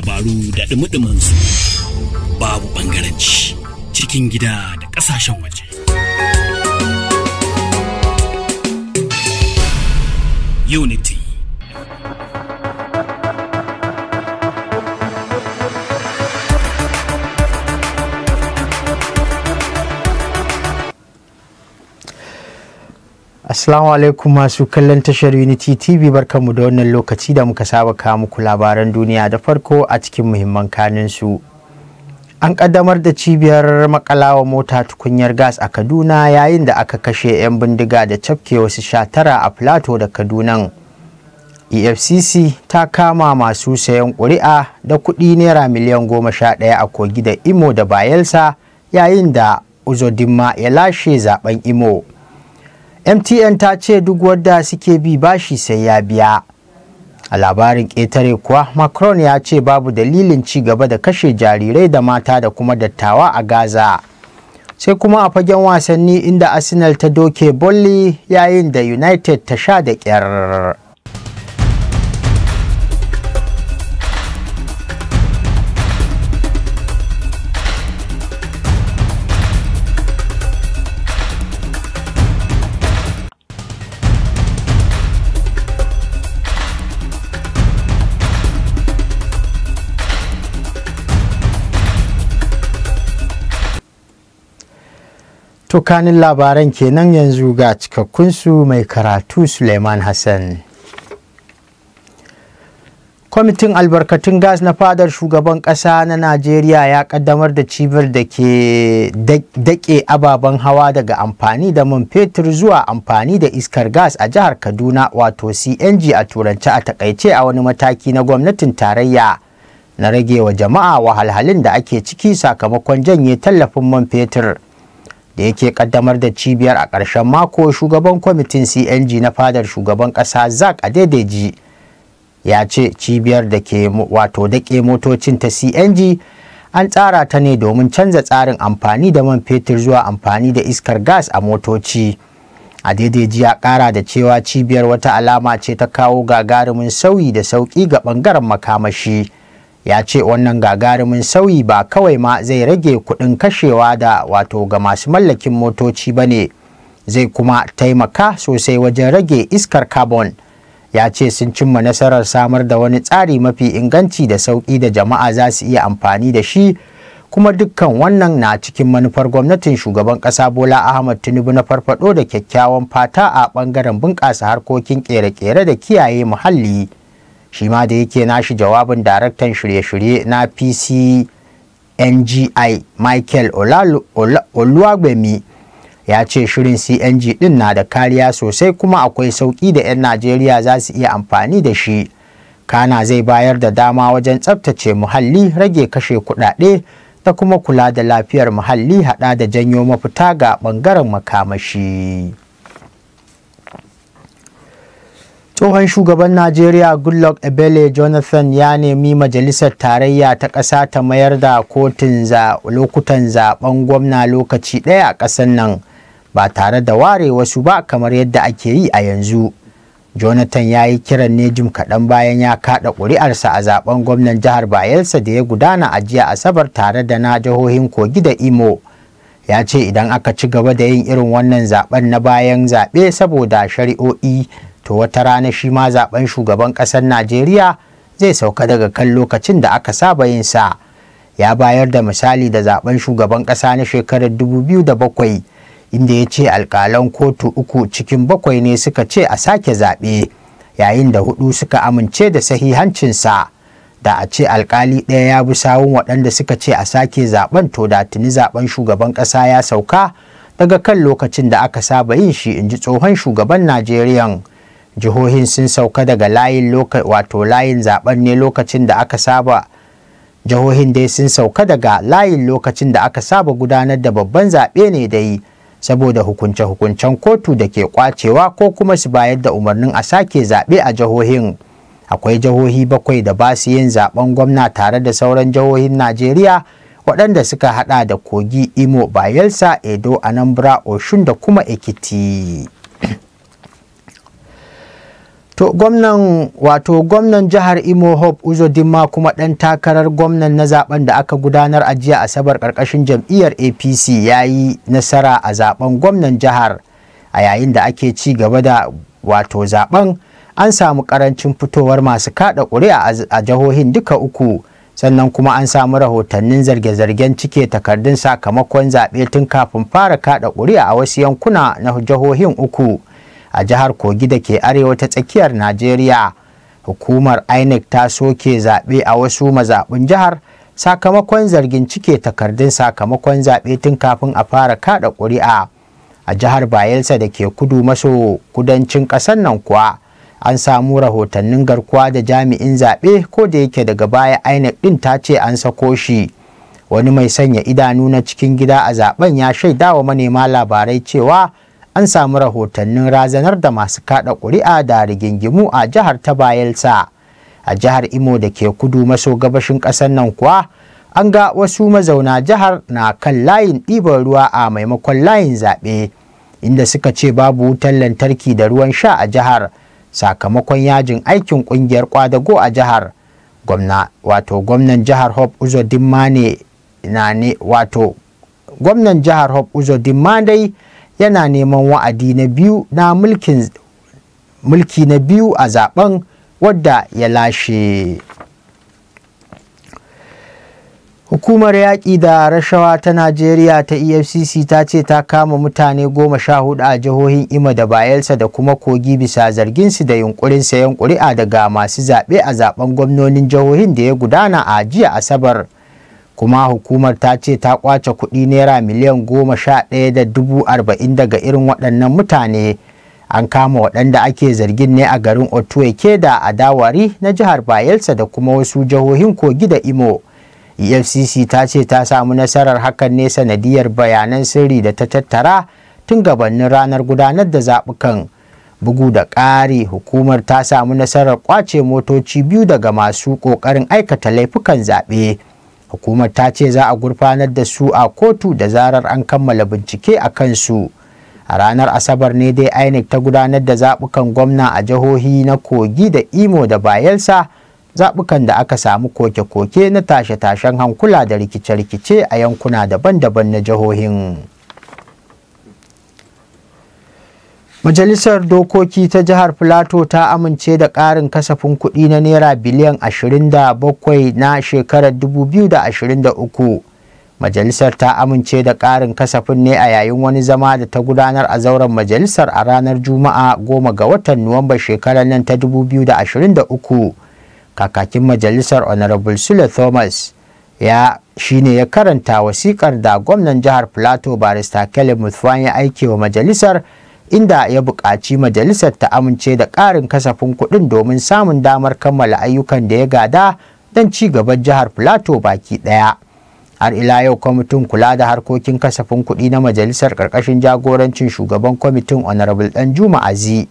labaru da dumudumin su babu bangaranci cikin gida da ƙasashen waje. Unit Assalamu alaikum masu kallon tashar Unity TV barkanmu da wannan lokaci da muka saba kawo muku labaran duniya da farko a cikin muhimman kanin su. An kaddamar da cibiyar makalawa mota tukunyar gas a Kaduna yayin da aka kashe 'yan bindiga da cafke wasu sha tara a Plateau da Kadunan. EFCC ta kama masu sayan ƙuri'a da kuɗi naira miliyan goma sha ɗaya a kogi da Imo da Bayelsa yayin da Uzodinma ya lashe zaben Imo. mtn ta ce duk wadda suke bi bashi sai ya biya a labarin ƙetare kuwa macron ya ce babu dalilin ci gaba da kashe jarirai da mata da kuma dattawa a gaza sai kuma a fagen wasanni inda arsenal ta doke bolli yayin da united ta sha da ƙyar Tukanin kanin labaran kenan yanzu ga cikakkunsu mai karatu Suleiman Hassan. Kwamitin albarkatun gas na fadar shugaban ƙasa na Najeriya ya ƙaddamar da cibiyar da ke daƙe ababen hawa daga amfani da man fetur zuwa amfani da iskar gas a jihar Kaduna wato CNG a turance a takaice a wani mataki na gwamnatin tarayya na rage wa jama'a wahalhalin da ake ciki sakamakon janye tallafin man fetur. da yake kaddamar da cibiyar a ƙarshen mako shugaban kwamitin cng na fadar shugaban ƙasa zak adedeji ya ce cibiyar da ke wato daƙe motocin ta cng an tsara ta ne domin canza tsarin amfani da man fetur zuwa amfani da iskar gas a motoci a daidai ya ƙara da cewa cibiyar wata alama ce ta kawo gagarumin sauyi da sauƙi ga ɓangaren makamashi ya ce wannan gagarumin sauyi ba kawai ma zai rage kudin kashewa da wato ga masu mallakin motoci ba ne zai kuma taimaka sosai wajen rage iskar carbon ya ce sun cimma nasarar samar da wani tsari mafi inganci da sauƙi da jama'a za su iya amfani da shi kuma dukkan wannan na cikin manufar gwamnatin shugaban ƙasa bola ahmad tinubu na farfado da kyakkyawan fata a ɓangaren bunƙasa harkokin ƙere-ƙere da kiyaye muhalli. shi ma da yake nashi jawabin daraktan shirye-shirye na pcngi michael oluwagbemi ya ce shirin cng din na da kariya sosai kuma akwai sauƙi da 'yan najeriya za su iya amfani da shi kana zai bayar da dama wajen tsabtace muhalli rage kashe kuɗaɗe ta kuma kula da lafiyar muhalli hada da janyo mafita ga ɓangaren makamashi. tsohon shugaban najeriya goodluck ebele jonathan ya nemi majalisar tarayya ta ƙasa ta mayar da kotun lokutan zaben gwamna lokaci ɗaya a ƙasar nan ba tare da ware wasu ba kamar yadda ake yi a yanzu jonathan ya yi kiran ne jim kaɗan bayan ya kaɗa ƙuri'arsa a zaben gwamnan jihar bayelsa da ya gudana a jiya asabar tare da na jihohin kogi da imo ya ce idan aka ci gaba da yin irin wannan zaben na bayan zaɓe saboda shari'o'i to wata rana shi ma zaben shugaban ƙasar najeriya zai sauka daga kan lokacin da aka saba yin sa ya bayar da misali da zaben shugaban ƙasa na shekarar 2007 inda ya ce alƙalan kotu uku cikin bakwai ne suka ce a sake zaɓe yayin da hudu suka amince da sahihancin sa da a ce alkali ɗaya ya bi sawun waɗanda suka ce a sake zaben to da tuni zaben shugaban ƙasa ya sauka daga kan lokacin da aka saba yin shi in ji tsohon shugaban najeriya jihohin sun sauka daga layin wato layin zaben ne lokacin da aka saba jihohin dai sun sauka daga layin lokacin da aka saba gudanar da babban zaɓe ne yi saboda hukunce-hukuncen kotu da ke kwacewa ko kuma su bayar da umarnin a sake zaɓe a jihohin akwai jihohi bakwai da ba su yin zaɓen gwamna tare da sauran jihohin najeriya waɗanda suka haɗa da kogi imo bayelsa edo anambra oshun da kuma ekiti to gwamnan wato gwamnan jihar imo hope uzodinma kuma ɗan takarar gwamnan na zaben da aka gudanar a jiya asabar ƙarƙashin jam'iyyar apc ya yi nasara a zaben gwamnan jihar a yayin da ake ci gaba da wato zaben an samu ƙarancin fitowar masu kaɗa ƙuri'a a jihohin duka uku sannan kuma an samu rahotannin zarge-zargen cike takardun sakamakon zaɓe tun kafin fara kaɗa ƙuri'a a wasu yankuna na jihohin uku. a jihar kogi da ke arewa ta tsakiyar najeriya hukumar inec ta soke zaɓe a wasu mazaɓin jihar sakamakon zargin cike takardun sakamakon zaɓe tun kafin a fara kaɗa ƙuri'a a jihar bayelsa da ke kudu maso kudancin ƙasar nan kuwa an samu rahotannin garkuwa da jami'in zaɓe ko da yake daga baya inec ɗin ta ce an sako shi wani mai sanya idanu na cikin gida a zaben ya shaidawa manema labarai cewa an samu rahotannin razanar da masu kada ƙuri'a da rigingimu a jihar ta bayelsa a jihar imo da ke kudu maso gabashin ƙasar nan kuwa an ga wasu mazauna jihar na kan layin ɗiban ruwa a maimakon layin zaɓe inda suka ce babu wutar lantarki da ruwan sha a jihar sakamakon yajin aikin ƙungiyar kwadago a jihar gwamna wato gwamnan jihar hope uzo ne na ne wato gwamnan jihar hope dai yana neman wa'adi na biyu na mulkin mulki na biyu a zaben wadda ya lashe hukumar yaƙi da rashawa ta najeriya ta efcc ta ce ta kama mutane goma sha hudu a jihohin ima da bayelsa da kuma kogi bisa zarginsu da yunkurin sayan ƙuri'a daga masu zaɓe a zaben gwamnonin jihohin da ya gudana a jiya asabar kuma hukumar ta ce ta kwace kuɗi naira miliyan goma sha ɗaya da dubu arba'in daga irin waɗannan mutane an kama waɗanda ake zargin ne a garin otuweke da adawari na jihar bayelsa da kuma wasu jihohin kogi da imo efcc ta ce ta samu nasarar hakan ne sanadiyar bayanan sirri da ta tattara tun gabanin ranar gudanar da zaɓukan bugu da ƙari hukumar ta samu nasarar kwace motoci biyu daga masu ƙoƙarin aikata laifukan zaɓe. hukumar ta ce za a gurfanar da su a kotu da zarar an kammala bincike a kansu a ranar asabar ne dai inec ta gudanar da zaɓukan gwamna a jihohi na kogi da imo da bayelsa zaɓukan da aka samu koke-koke na tashe-tashen hankula da rikice-rikice a yankuna daban-daban na jihohin. Majalisar Dokoki ta Jihar Filato ta amince da ƙarin kasafin kuɗi na Naira biliyan 27 na shekarar 2023. Majalisar ta amince da ƙarin kasafin ne a yayin wani zama da ta gudanar a zauren majalisar a ranar Juma'a goma ga watan Nuwamba shekarar nan ta 2023. Kakakin majalisar Honorable Sule Thomas ya shi ne ya karanta wasiƙar da gwamnan jihar Filato Barista Kelly Mutfan ya aike wa majalisar inda ya buƙaci majalisar ta amince da ƙarin kasafin kuɗin domin samun damar kammala ayyukan da ya gada don ci gaban jihar Filato baki ɗaya. Har ila yau kwamitin kula da harkokin kasafin kuɗi na majalisar ƙarƙashin jagorancin shugaban kwamitin Honorable Juma Azi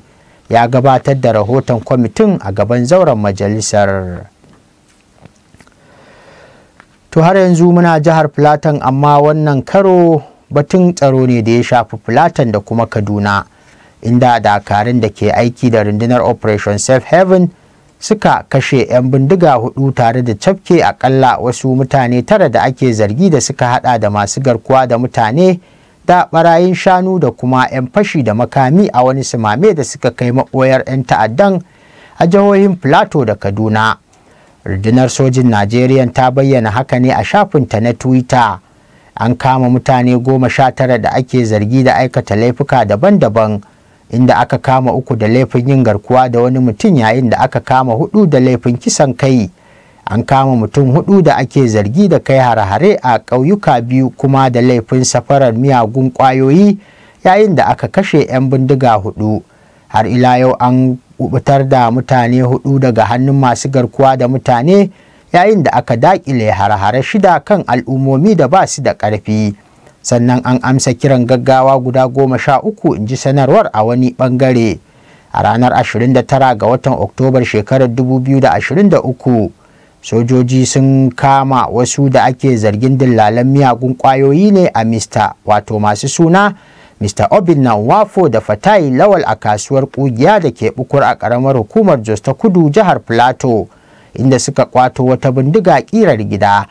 ya gabatar da rahoton kwamitin a gaban zauren majalisar. To har yanzu muna jihar Filaton amma wannan karo batun tsaro ne da ya shafi Fulatan da kuma Kaduna, inda dakarun da ke aiki da rundunar Operation Safe Haven suka kashe 'yan bindiga hudu tare da cafke akalla wasu mutane tara da ake zargi da suka hada da masu garkuwa da mutane da barayin shanu da kuma 'yan fashi da makami a wani simame da suka kai maɓoyar 'yan ta'addan a jihohin Plateau da Kaduna. Rundunar sojin Najeriya ta bayyana haka ne a shafinta na Twitter. an kama mutane goma sha tara da ake zargi da aikata laifuka daban-daban inda aka kama uku da laifin yin garkuwa da wani mutum yayin da aka kama hudu da laifin kisan kai an kama mutum hudu da ake zargi da kai har hare a ƙauyuka biyu kuma da laifin safarar miyagun ƙwayoyi yayin da aka kashe 'yan bindiga hudu har ila yau an kubutar da mutane hudu daga hannun masu garkuwa da mutane yayin da aka daƙile har-hare shida kan al'ummomi da ba su da ƙarfi sannan an amsa kiran gaggawa guda goma sha uku in ji sanarwar a wani bangare a ranar 29 ga watan oktobar shekarar 2023 sojoji sun kama wasu da ake zargin dillalan miyagun ƙwayoyi ne a mista wato masu suna mista Obin na wafo da Fatai Lawal a kasuwar kugiya da ke bukur a ƙaramar hukumar Jos ta Kudu jihar Plateau inda suka kwato wata bindiga kirar gida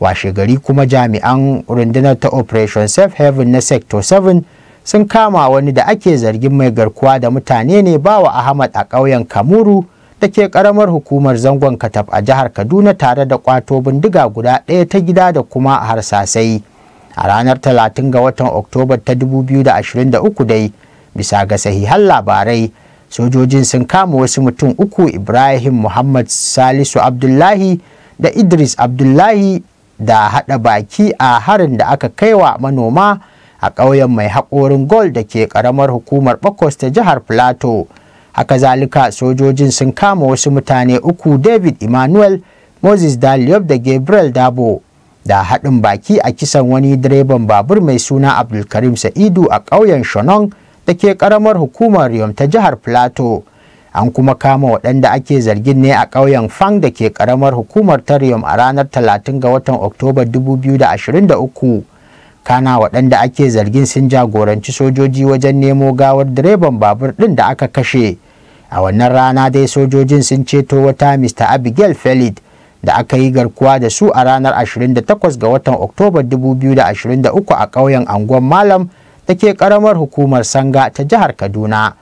washe gari kuma jami'an rundunar ta operation safe haven na sector 7 sun kama wani da ake zargin mai garkuwa da mutane ne bawa ahmad a ƙauyen kamuru da ke ƙaramar hukumar zangon kataf a jihar kaduna tare da kwato bindiga guda ɗaya ta gida da kuma harsasai a ranar 30 ga watan oktoba ta 2023 dai bisa ga sahihan labarai sojojin sun kama wasu mutum uku ibrahim muhammad salisu abdullahi da idris abdullahi da haɗa baki a harin da aka kaiwa manoma a ƙauyen mai haƙorin gol da ke ƙaramar hukumar bakwas ta jihar plato haka zalika sojojin sun kama wasu mutane uku david emmanuel moses daliob da gabriel dabo da haɗin baki a kisan wani direban babur mai suna abdulkarim sa'idu a ƙauyen shonong da ke karamar hukumar Riyom ta jihar plato An kuma kama waɗanda ake zargin ne a ƙauyen Fang da ke karamar hukumar ta Riyom a ranar 30 ga watan Oktoba 2023. Kana waɗanda ake zargin sun jagoranci sojoji wajen nemo gawar direban babur ɗin da aka kashe. A wannan rana dai sojojin sun ceto wata Mr. Abigail Felid. da aka yi garkuwa da su a ranar 28 ga watan Oktoba 2023 a ƙauyen Angon Malam da ke karamar hukumar Sanga ta jihar Kaduna.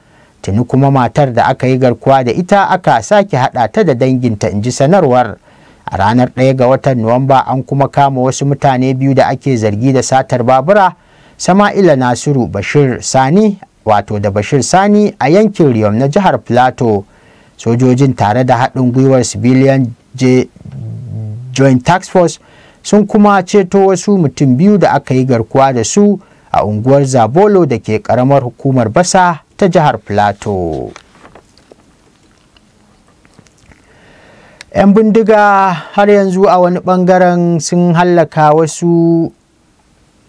Tuni kuma matar da aka yi garkuwa da ita aka sake haɗa ta da danginta in ji sanarwar. A ranar ɗaya ga watan Nuwamba an kuma kama wasu mutane biyu da ake zargi da satar babura Sama'ila Nasiru Bashir Sani wato da Bashir Sani a yankin Riyom na jihar Plateau. Sojojin tare da haɗin gwiwar civilian Joint Tax Force sun kuma ceto wasu mutum biyu da aka yi garkuwa da su a unguwar zabolo da ke karamar hukumar basa ta jihar plateau 'yan bindiga har yanzu a wani bangaren sun hallaka wasu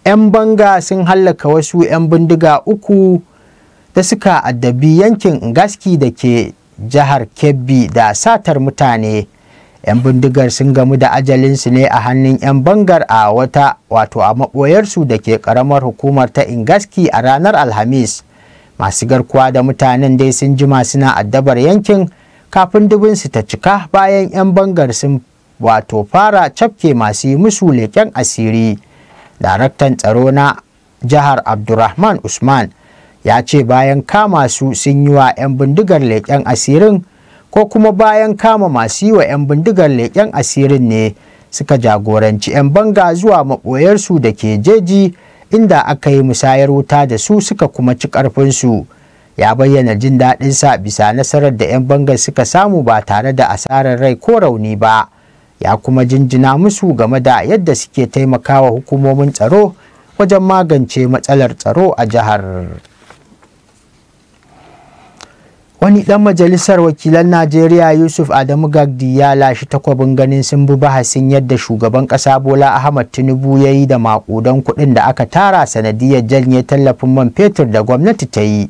'yan banga sun hallaka wasu 'yan bindiga uku da suka addabi yankin ngaski da ke jihar kebbi da satar mutane 'yan bindigar sun gamu da ajalinsu ne a hannun 'yan bangar a wata wato a maɓoyarsu da ke ƙaramar hukumar ta ingaski a ranar alhamis masu garkuwa da mutanen dai sun jima suna addabar yankin kafin dubinsu ta cika bayan 'yan bangar sun wato fara cafke masu yi musu leƙen asiri daraktan tsaro na jihar abdurrahman usman ya ce bayan kama su sun yi wa 'yan bindigar leƙen asirin ko kuma bayan kama masu yi wa 'yan bindigar leƙen asirin ne suka jagoranci 'yan banga zuwa maɓoyarsu da ke jeji inda aka yi musayar wuta da su suka kuma ci ƙarfinsu ya bayyana jin daɗin sa bisa nasarar da 'yan bangar suka samu ba tare da asarar rai ko rauni ba ya kuma jinjina musu game da yadda suke taimakawa hukumomin tsaro wajen magance matsalar tsaro a jihar. wani ɗan majalisar wakilan najeriya yusuf adamu gagdi ya lashe takwabin ganin sun bi bahasin yadda shugaban ƙasa bola ahmad tinubu ya yi da maƙudan kuɗin da aka tara sanadiyar janye tallafin man fetur da gwamnati ta yi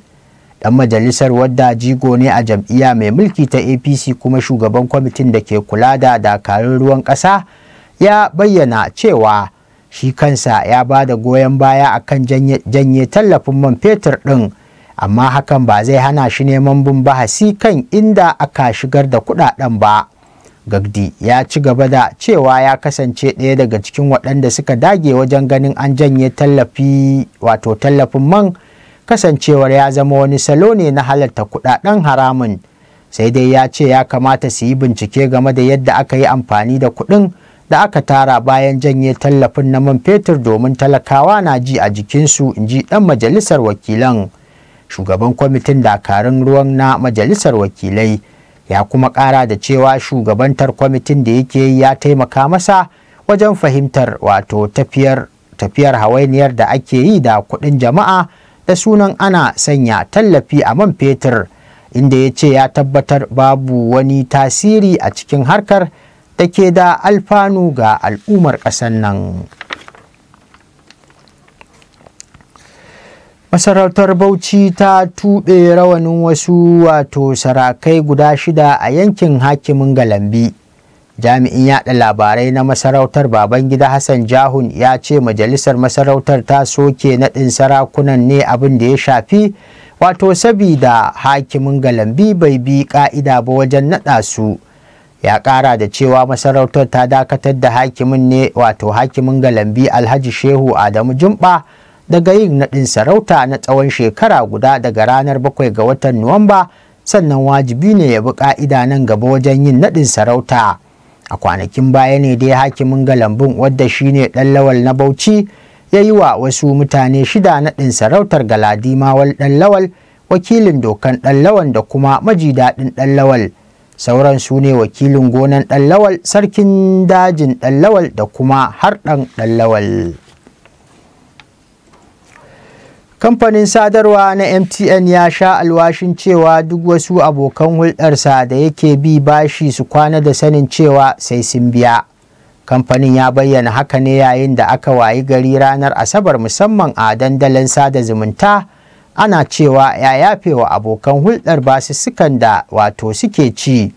ɗan majalisar wadda jigo ne a jam'iyya mai mulki ta apc kuma shugaban kwamitin da ke kula da dakarun ruwan ƙasa ya bayyana cewa shi kansa ya ba da goyon baya akan janye tallafin man fetur ɗin amma hakan ba zai hana shi neman bin bahasi kan inda aka shigar da kuɗaɗen ba gagdi ya ci gaba da cewa ya kasance ɗaya daga cikin waɗanda suka dage wajen ganin an janye tallafi wato tallafin man kasancewar ya zama wani salo ne na halarta kuɗaɗen haramun sai dai ya ce ya kamata su yi bincike game da yadda aka yi amfani da kuɗin da aka tara bayan janye tallafin na man fetur domin talakawa na ji a jikinsu in ji ɗan majalisar wakilan shugaban kwamitin dakarun ruwan na majalisar wakilai ya kuma kara da cewa shugabantar kwamitin da yake yi ya taimaka masa wajen fahimtar wato tafiyar tafiyar hawainiyar da ake yi da kuɗin jama'a da sunan ana sanya tallafi a man fetur inda ya ce ya tabbatar babu wani tasiri a cikin harkar da ke da alfanu ga al'ummar ƙasar nan. Masarautar Bauchi ta tuɓe rawanin wasu wato sarakai guda shida a yankin hakimin Galambi. Jami'in yaɗa labarai na masarautar Babangida Hassan Jahun ya ce majalisar masarautar ta soke naɗin sarakunan ne abin da ya shafi wato sabida hakimin Galambi bai bi ƙa'ida ba wajen naɗa su. ya ƙara da cewa masarautar ta dakatar da hakimin ne wato hakimin galambi alhaji shehu adamu jumba daga yin naɗin sarauta na tsawon shekara guda daga ranar 7 ga watan Nuwamba sannan wajibi ne ya bi ƙa'ida nan gaba wajen yin naɗin sarauta. A kwanakin baya ne dai hakimin galambun wadda shine ɗan lawal na Bauchi ya yi wa wasu mutane shida naɗin sarautar Galadimawal ɗan lawal wakilin dokan ɗan lawan da kuma maji daɗin ɗan lawal. Sauran su ne wakilin gonan ɗan lawal, sarkin dajin ɗan lawal da kuma harɗan ɗan lawal. kamfanin sadarwa na mtn ya sha alwashin cewa duk wasu abokan hulɗarsa da yake bi bashi su kwana da sanin cewa sai sun biya kamfanin ya bayyana haka ne yayin da aka wayi gari ranar asabar musamman a dandalin sada zumunta ana cewa ya yafe wa abokan hulɗar basu sukan da wato suke ci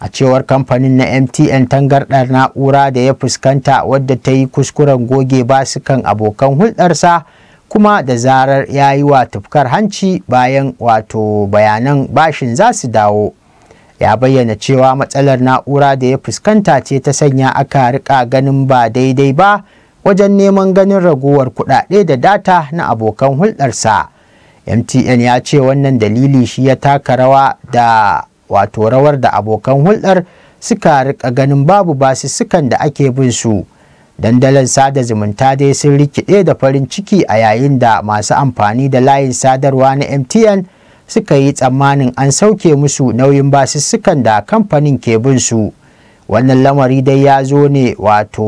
a cewar kamfanin na mtn tangarɗar na'ura da ya fuskanta wadda ta yi kuskuren goge basukan abokan hulɗarsa kuma da zarar ya yi wa tufkar hanci bayan wato bayanan bashin za su dawo ya bayyana cewa matsalar na'ura da ya fuskanta ce ta sanya aka rika ganin ba daidai ba wajen neman ganin ragowar kudade da data na abokan hulɗarsa mtn ya ce wannan dalili shi ya taka rawa da wato rawar da abokan hulɗar suka rika ganin babu basussukan da ake bin su. dandalin sada zumunta dai sun rikide da farin ciki a yayin da masu amfani da layin sadarwa na mtn suka yi tsammanin an sauke musu nauyin basussukan da kamfanin ke bin su wannan lamari dai ya zo ne wato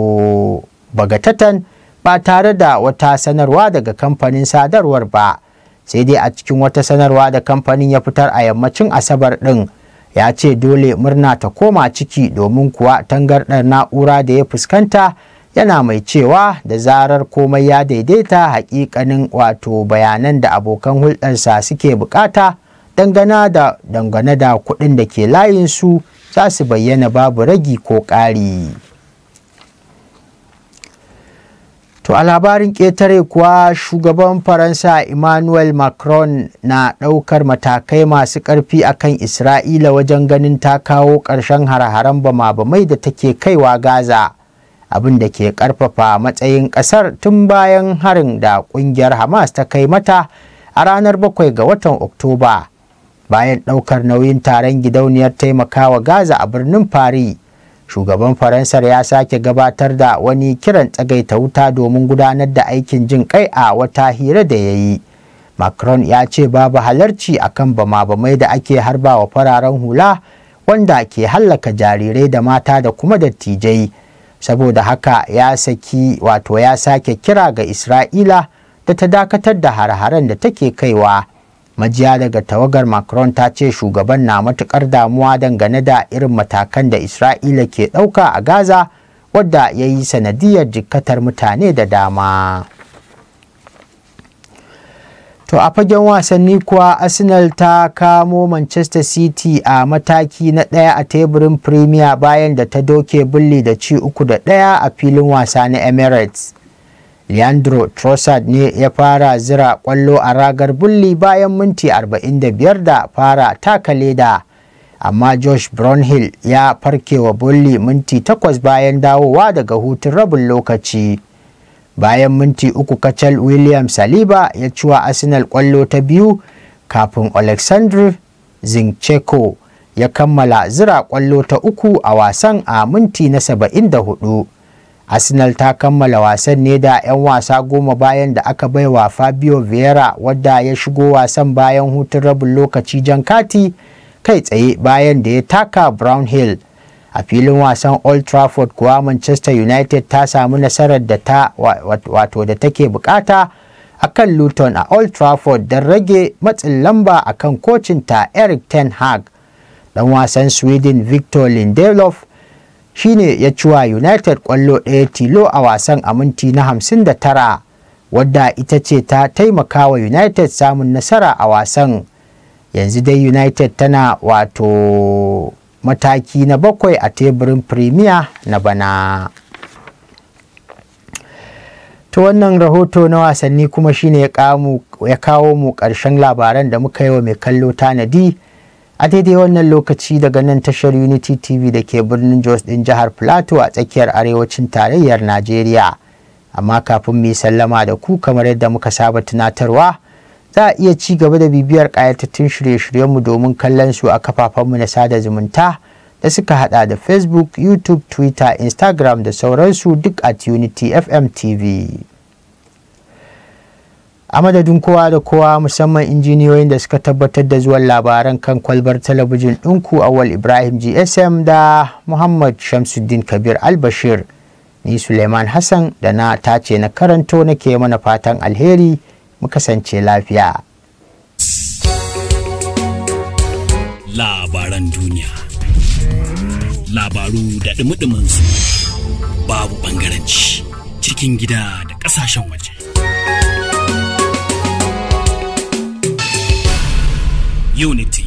bagatatan ba tare da wata sanarwa daga kamfanin sadarwar ba sai dai a cikin wata sanarwa da kamfanin ya fitar a yammacin asabar ɗin. ya ce dole murna ta koma ciki domin kuwa tangardar na'ura da ya fuskanta yana mai cewa da zarar komai ya daidaita hakikanin wato bayanan da abokan hulɗarsa suke bukata dangane da dangane da kuɗin da ke layinsu za su bayyana babu ragi ko ƙari to a labarin ƙetare kuwa shugaban faransa emmanuel macron na ɗaukar matakai masu ƙarfi akan isra'ila wajen ganin ta kawo ƙarshen hare-haren bama-bamai da take kaiwa gaza abin da ke karfafa matsayin kasar tun bayan harin da kungiyar hamas ta kai mata a ranar 7 ga watan oktoba bayan ɗaukar nauyin taron gidauniyar taimakawa gaza a birnin fari shugaban faransar ya sake gabatar da wani kiran tsagaita wuta domin gudanar da aikin jin kai a wata hira da ya yi macron ya ce babu halarci akan bama-bamai da ake harbawa fararen hula wanda ke hallaka jarirai da mata da kuma dattijai saboda haka ya saki wato ya sake kira ga isra'ila da ta dakatar da har-haren da take kaiwa majiya daga tawagar macron ta ce shugaban na matukar damuwa dangane da irin matakan da isra'ila ke ɗauka a gaza wadda ya yi sanadiyar jikkatar mutane da dama To a fagen wasanni kuwa Arsenal ta kamo Manchester City a mataki na ɗaya a teburin Premier bayan da ta doke bulli da ci uku da ɗaya a filin wasa na Emirates. Leandro Trossard ne ya fara zira kwallo a ragar bulli bayan minti 45 da fara taka leda. Amma Josh Brownhill ya farkewa bulli minti 8 bayan dawowa daga hutun rabin lokaci. bayan minti uku kacal william saliba ya ciwa arsenal kwallo ta biyu kafin alexander zinchenko ya kammala zira kwallo ta uku a wasan a minti na 74 arsenal ta kammala wasan ne da 'yan wasa goma bayan da aka baiwa fabio vieira wadda ya shigo wasan bayan hutun rabin lokaci jan kati kai tsaye bayan da ya taka Brownhill. a filin wasan old trafford kuwa manchester united ta samu nasarar da ta wato da take bukata a kan luton a old trafford don rage matsin lamba a kan kocinta eric ten hag dan wasan sweden victor lindelof shine ya ciwa united kwallo ɗaya tilo a wasan a minti na tara, wadda ita ce ta taimaka wa united samun nasara a wasan yanzu dai united tana wato mataki na bakwai a teburin premier na bana ta wannan rahoto na wasanni kuma shine ya kawo mu ƙarshen labaran da muka yi wa mai kallo tanadi a daidai wannan lokaci daga nan tashar unity tv da ke birnin jos din jihar plateau a tsakiyar arewacin tarayyar najeriya amma kafin mu yi sallama da ku kamar yadda muka saba tunatarwa za a iya ci gaba da bibiyar ƙayatattun shirye-shiryenmu domin kallon su a kafafenmu na sada zumunta da suka hada da facebook youtube twitter instagram da sauransu duk at unity fm tv a madadin kowa da kowa musamman injiniyoyin da suka tabbatar da zuwan labaran kan kwalbar talabijin ɗinku awal ibrahim gsm da muhammad shamsuddin kabir albashir ni suleiman hassan da na tace na karanto nake mana fatan alheri mu kasance lafiya. Labaran duniya Labaru da ɗumi su babu ɓangaranci cikin gida da ƙasashen waje. Unity